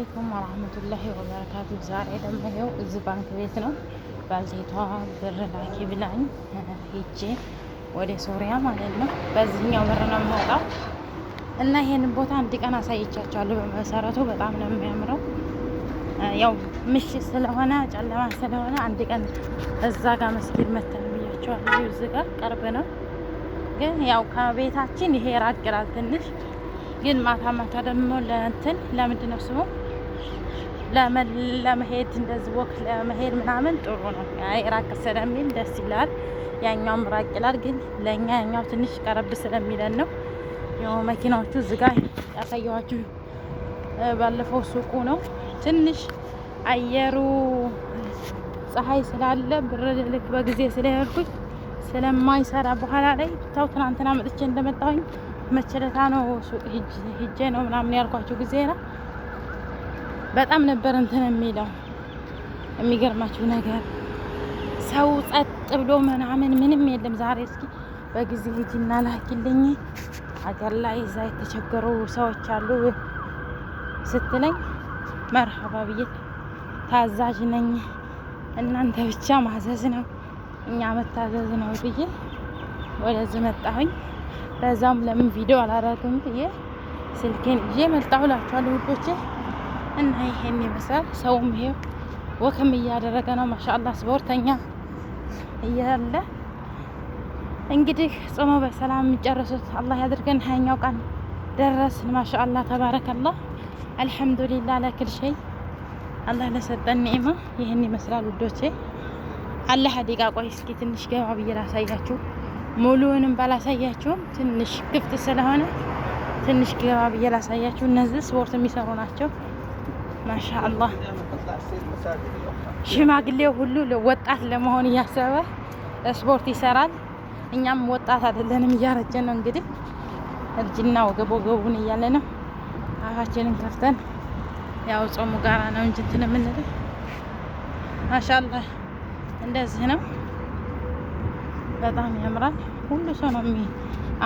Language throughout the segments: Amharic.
አለይኩም ወራህመቱላሂ ወበረካቱ። ዛሬ ደግሞ ይኸው እዚህ ባንክ ቤት ነው ባልቴቷ ብር ላኪ ብላኝ ሂጄ ወደ ሶሪያ ማለት ነው። በዚህኛው ብር ነው የምወጣው እና ይሄንን ቦታ አንድ ቀን አሳይቻቸዋለሁ። በመሰረቱ በጣም ነው የሚያምረው። ያው ምሽት ስለሆነ ጨለማ ስለሆነ አንድ ቀን እዛ ጋር መስጊድ መተን ብያቸዋለሁ። እዚህ ጋር ቅርብ ነው፣ ግን ያው ከቤታችን ይሄ ራቅ ይላል ትንሽ ግን ማታ ማታ ደግሞ ለእንትን ለምንድን ነው ስሙ ለመሄድ እንደዚህ ወክ ለመሄድ ምናምን ጥሩ ነው። ራቅ ስለሚል ደስ ይላል። ያኛውም ራቅ ይላል፣ ግን ለእኛ ያኛው ትንሽ ቀረብ ስለሚለን ነው። ያው መኪናዎቹ ዝጋ ያሳየኋችሁ ባለፈው ሱቁ ነው። ትንሽ አየሩ ፀሐይ ስላለ ብር ልክ በጊዜ ስለሄድኩኝ ስለማይሰራ በኋላ ላይ ታው ትናንትና መጥቼ እንደመጣሁኝ መቸለታ ነው ሱቅ ሂጄ ነው ምናምን ያልኳቸው ጊዜ ነው በጣም ነበር እንትን የሚለው የሚገርማችሁ ነገር ሰው ጸጥ ብሎ ምናምን ምንም የለም ዛሬ። እስኪ በጊዜ ሂጂና ላኪልኝ ሀገር ላይ እዛ የተቸገሩ ሰዎች አሉ ስትለኝ መርሃባ ብዬ ታዛዥ ነኝ፣ እናንተ ብቻ ማዘዝ ነው እኛ መታዘዝ ነው ብዬ ወደዚህ መጣሁኝ። በዛም ለምን ቪዲዮ አላረግም ብዬ ስልኬን ይዤ መጣሁ ውዶቼ። እና ይሄን ይመስላል። ሰውም ይሄው ወክም እያደረገ ነው። ማሻአላ ስፖርተኛ እያለ እንግዲህ ጾሞ በሰላም የሚጨርሱት አላህ ያድርገን። ሀያኛው ቀን ደረስን። ማሻአላ ተባረከላ አልሐምዱሊላህ ለክል ሸይ አላህ ለሰጠን ኒዕማ ይህን ይመስላል ውዶቼ። አላህ ሀዲቃ ቆይ እስኪ ትንሽ ገባ ብዬ ላሳያችሁ። ሙሉውንም ባላሳያችሁም ትንሽ ክፍት ስለሆነ ትንሽ ገባ ብዬ ላሳያችሁ። እነዚህ ስፖርት የሚሰሩ ናቸው። ማሻአላህ ሽማግሌው ሁሉ ወጣት ለመሆን እያሰበ ስፖርት ይሰራል። እኛም ወጣት አይደለንም፣ እያረጀ ነው። እንግዲህ እርጅና ወገብ ወገቡን እያለ ነው። አፋችንን ከፍተን ያው ጾሙ ጋራ ነው እንጂ እንትን የምንለው ማሻአላህ እንደዚህ ነው። በጣም ያምራል። ሁሉ ሰው ነው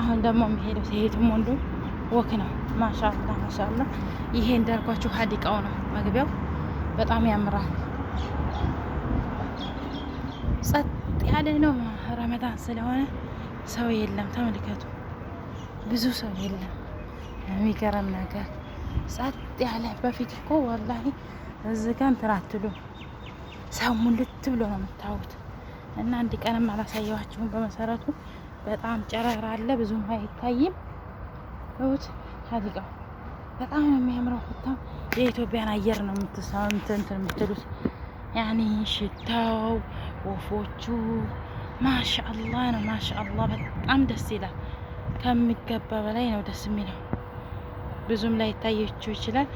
አሁን ደግሞ የሚሄደው ሴቱም ወንዱ ወክ ነው። ማሻላ ማሻላ። ይሄ እንዳልኳችሁ ሀዲቃው ነው መግቢያው። በጣም ያምራል። ጸጥ ያለ ነው። ረመዳን ስለሆነ ሰው የለም። ተመልከቱ፣ ብዙ ሰው የለም። የሚገርም ነገር ጸጥ ያለ። በፊት እኮ ወላሂ እዚህ ጋር እንትን ሰው ሙልት ብሎ ነው የምታዩት። እና አንድ ቀንም አላሳየዋችሁም። በመሰረቱ በጣም ጨረራ አለ፣ ብዙም አይታይም። ሳዲቃው በጣም ነው የሚያምረው። በጣም የኢትዮጵያን አየር ነው የምትሳው እንትን የምትሉት ያኔ ሽታው፣ ወፎቹ ማሻአላ ነው ማሻአላ። በጣም ደስ ይላል። ከሚገባ በላይ ነው ደስ የሚለው። ብዙም ላይ ይታየችው ይችላል።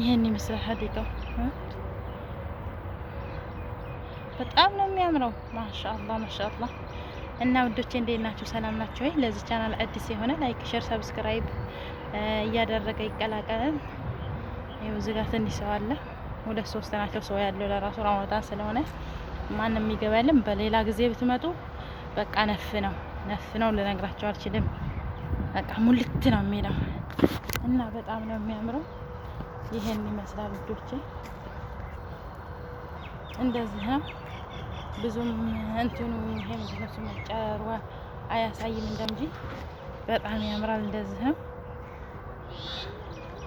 ይህን ይመስላል ሀዲቃው። በጣም ነው የሚያምረው። ማሻአላ ማሻአላ እና ውዶቼ እንዴት ናችሁ? ሰላም ናችሁ ወይ? ለዚህ ቻናል አዲስ የሆነ ላይክ፣ ሼር፣ ሰብስክራይብ እያደረገ ይቀላቀለን። ይኸው እዚህ ጋር ትንሽ ሰው አለ። ሁለት ሶስት ናቸው ሰው ያለው ለራሱ ራመዳን ስለሆነ ማንም የሚገባልም በሌላ ጊዜ ብትመጡ በቃ ነፍ ነው ነፍ ነው ልነግራቸው አልችልም። በቃ ሙልት ነው የሚለው እና በጣም ነው የሚያምረው። ይሄን ይመስላል ውዶቼ፣ እንደዚህ ነው። ብዙም እንትኑ ይሄ ምንድን ነው ስሙ ጨረሯ አያሳይም እንደ እንጂ በጣም ያምራል። እንደዚህ ነው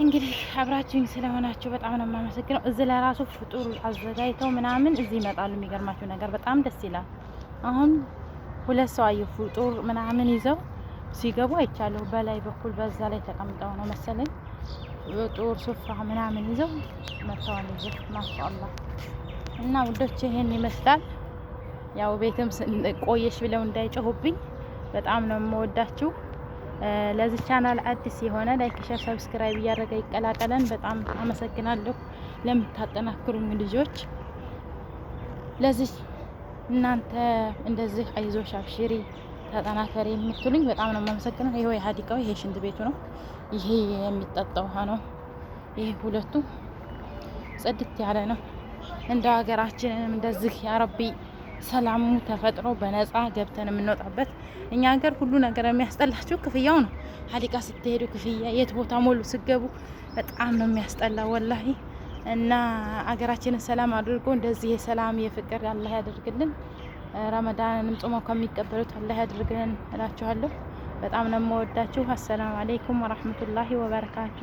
እንግዲህ አብራችሁኝ ስለሆናችሁ በጣም ነው የማመሰግነው። እዚህ ለራሱ ፍጡር አዘጋጅተው ምናምን እዚህ ይመጣሉ። የሚገርማችሁ ነገር በጣም ደስ ይላል። አሁን ሁለት ሰው አየሁ ፍጡር ምናምን ይዘው ሲገቡ አይቻለሁ። በላይ በኩል በዛ ላይ ተቀምጠው ነው መሰለኝ ጡር ስፍራ ምናምን ይዘው መጥተዋል። ማሻአላህ እና ውዶች ይሄን ይመስላል። ያው ቤትም ቆየሽ ብለው እንዳይጮሁብኝ በጣም ነው የምወዳችሁ። ለዚህ ቻናል አዲስ የሆነ ላይክ፣ ሸር፣ ሰብስክራይብ እያደረገ ይቀላቀለን። በጣም አመሰግናለሁ ለምታጠናክሩኝ ልጆች። ለዚህ እናንተ እንደዚህ አይዞሽ አብሽሪ ተጠናከሪ የምትሉኝ በጣም ነው የማመሰግነው። ይሄ የሀዲቃው ይሄ ሽንት ቤቱ ነው። ይሄ የሚጠጣው ውሃ ነው። ይሄ ሁለቱ ጽድት ያለ ነው። እንደ ሀገራችንም እንደዚህ ያረቢ ሰላሙ ተፈጥሮ በነጻ ገብተን የምንወጣበት። እኛ ሀገር ሁሉ ነገር የሚያስጠላችሁ ክፍያው ነው። ሀሊቃ ስትሄዱ ክፍያ፣ የት ቦታ ሞሉ ስገቡ በጣም ነው የሚያስጠላ ወላሂ። እና አገራችንን ሰላም አድርጎ እንደዚህ የሰላም የፍቅር አላህ ያደርግልን። ረመዳንንም ጾመው ከሚቀበሉት አላህ ያደርግልን እላችኋለሁ። በጣም ነው የምወዳችሁ። አሰላሙ አለይኩም ወራህመቱላሂ ወበረካቱ